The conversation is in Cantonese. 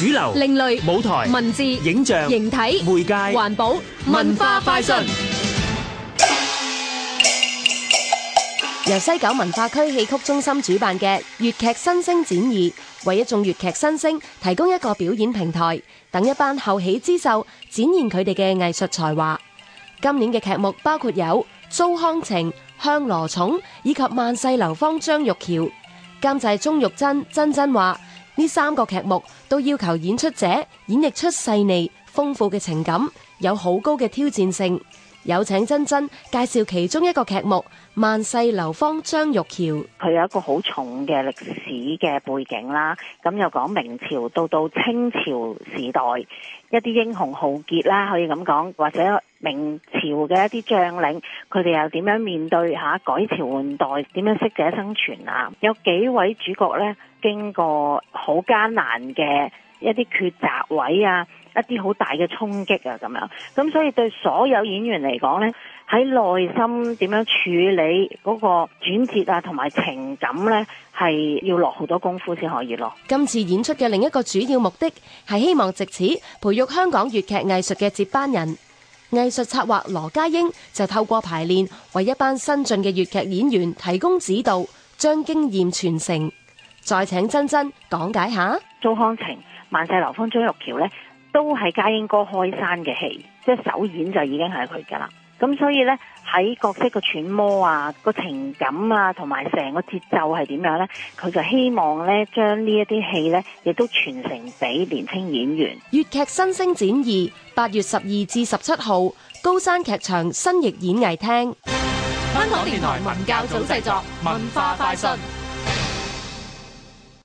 主流，另類舞台，文字，影像，形體，媒介，環保，文化快訊。由西九文化區戲曲中心主辦嘅粵劇新星展二，為一眾粵劇新星提供一個表演平台，等一班後起之秀展現佢哋嘅藝術才華。今年嘅劇目包括有租康情、香羅塚以及萬世流芳張玉喬。監製鍾玉珍，珍珍話呢三個劇目都要求演出者演繹出細膩豐富嘅情感，有好高嘅挑戰性。有請珍珍介紹其中一個劇目《萬世流芳張玉喬》，佢有一個好重嘅歷史嘅背景啦，咁又講明朝到到清朝時代一啲英雄豪傑啦，可以咁講或者。明朝嘅一啲將領，佢哋又點樣面對吓改朝換代？點樣適者生存啊？有幾位主角咧，經過好艱難嘅一啲抉擇位啊，一啲好大嘅衝擊啊，咁樣咁，所以對所有演員嚟講咧，喺內心點樣處理嗰個轉折啊，同埋情感咧，係要落好多功夫先可以咯。今次演出嘅另一個主要目的，係希望借此培育香港粵劇藝術嘅接班人。藝術策劃羅家英就透過排練，為一班新晉嘅粵劇演員提供指導，將經驗傳承。再請珍珍講解下，周康晴、萬世流芳、張玉橋咧，都係家英哥開山嘅戲，即係首演就已經係佢噶啦。咁所以咧，喺角色嘅揣摩啊，個情感啊，同埋成個節奏係點樣咧？佢就希望咧，將呢一啲戲咧，亦都傳承俾年輕演員。粵劇新星展二，八月十二至十七號，高山劇場新翼演藝廳。香港電台文教組製作，文化快訊。